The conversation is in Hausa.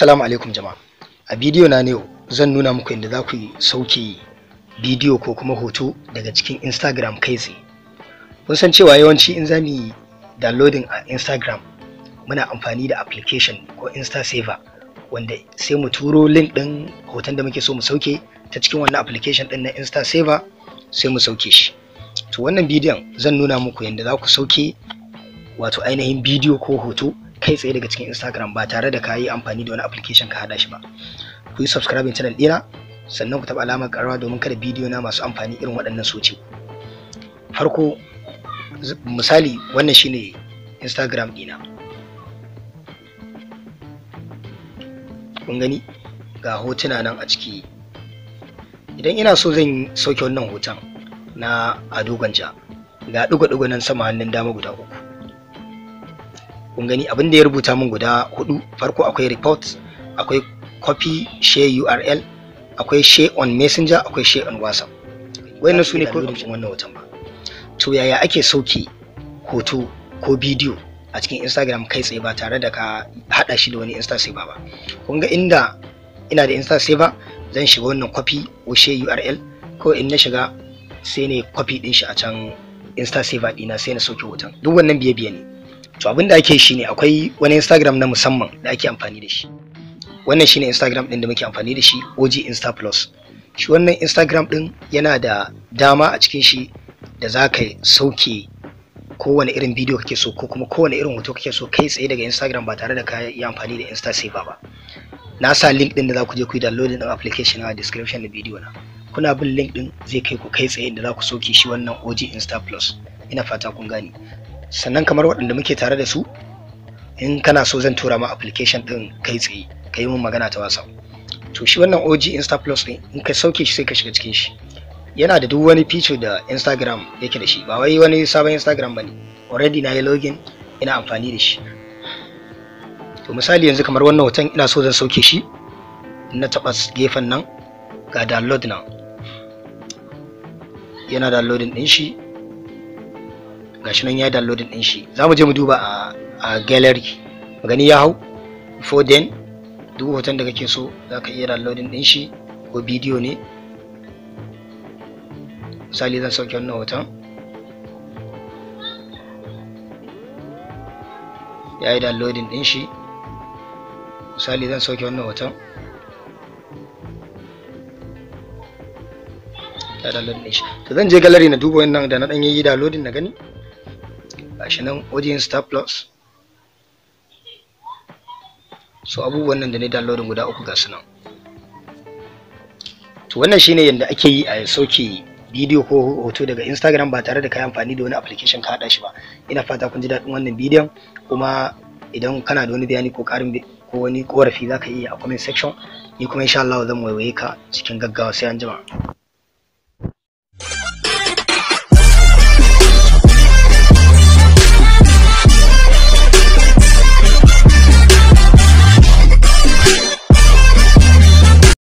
Assalamu alaikum jama'a. A bidiyo na ne zan nuna muku inda za ku sauke bidiyo ko kuma hoto daga cikin Instagram kai tsaye. Kun san cewa yawanci in zamu yi downloading a Instagram muna amfani da application ko Insta Saver wanda sai mu turo link ɗin hoton da muke so mu sauke ta cikin wannan application ɗin na Insta Saver sai mu sauke shi. To wannan bidiyon zan nuna muku yadda za ku sauke wato ainihin bidiyo ko hoto kai tsaye daga cikin Instagram ba tare da ka yi amfani da wani application ka hada shi ba. Ku yi subscribing channel dina, sannan ku taba alamar karawa domin kada bidiyo na masu amfani irin waɗannan soce Farko misali wannan shine Instagram ɗina. Kun gani ga hotuna nan a ciki. Idan ina so zan sauke wannan hoton na Ado Gwanja ga ɗigo-ɗigo nan sama hannun dama guda uku. kun gani abin da ya rubuta min guda hudu farko akwai report akwai copy share url akwai share on messenger akwai share on whatsapp wayannan su ne ko wannan hoton ba to yaya ake sauke hoto ko bidiyo a cikin instagram kai tsaye ba tare da ka hada shi da wani insta saver ba kun ga inda ina da insta saver zan shiga wannan copy ko share url ko in na shiga sai ne copy din shi a can insta saver dina sai na sauke hoton duk wannan biye biye ne to abin da ake shi ne akwai wani instagram na musamman da ake amfani da shi wannan shine instagram din da muke amfani da shi og insta plus shi wannan instagram din yana da dama a cikin shi da za ka sauke kowane irin bidiyo kake so ko kuma kowane irin hoto kake so kai tsaye daga instagram ba tare da ka yi amfani da insta saver ba na sa link din da za ku je ku yi download din application a description na bidiyo na kuna bin link din zai kai ku kai tsaye da za ku sauke shi wannan OG Insta Plus ina fata kun gani sannan kamar waɗanda muke tare da su in kana so zan tura ma application ɗin kai tsaye ka yi min magana ta wasa to shi wannan og insta plus ne, in ka sauke shi sai ka shiga cikin shi yana da duk wani feature da instagram yake da shi ba wai wani sabon instagram ba ne already na yi login ina amfani da shi to misali yanzu kamar wannan hoton ina so zan sauke shi na taɓa gefen nan ga download na. yana downloading din shi gashi nan ya downloading din shi za mu je mu duba a a gallery gani ya hau before then duk hoton da kake so za ka iya downloading din shi ko bidiyo ne misali zan sauke wannan hoton ya yi downloading din shi misali zan sauke wannan hoton ya downloading din shi to zan je gallery na duba wannan da na dan yi downloading na gani gashi nan audience star plus so abubuwan nan da ne downloadin guda uku ga nan to wannan shine yadda ake yi a sauke bidiyo ko hoto daga instagram ba tare da kai amfani da wani application ka hada shi ba ina fata kun ji daɗin wannan bidiyon kuma idan kana da wani bayani ko ƙarin ko wani korafi za ka iya a comment section ni kuma insha Allah zan waiwaye ka cikin gaggawa sai an jima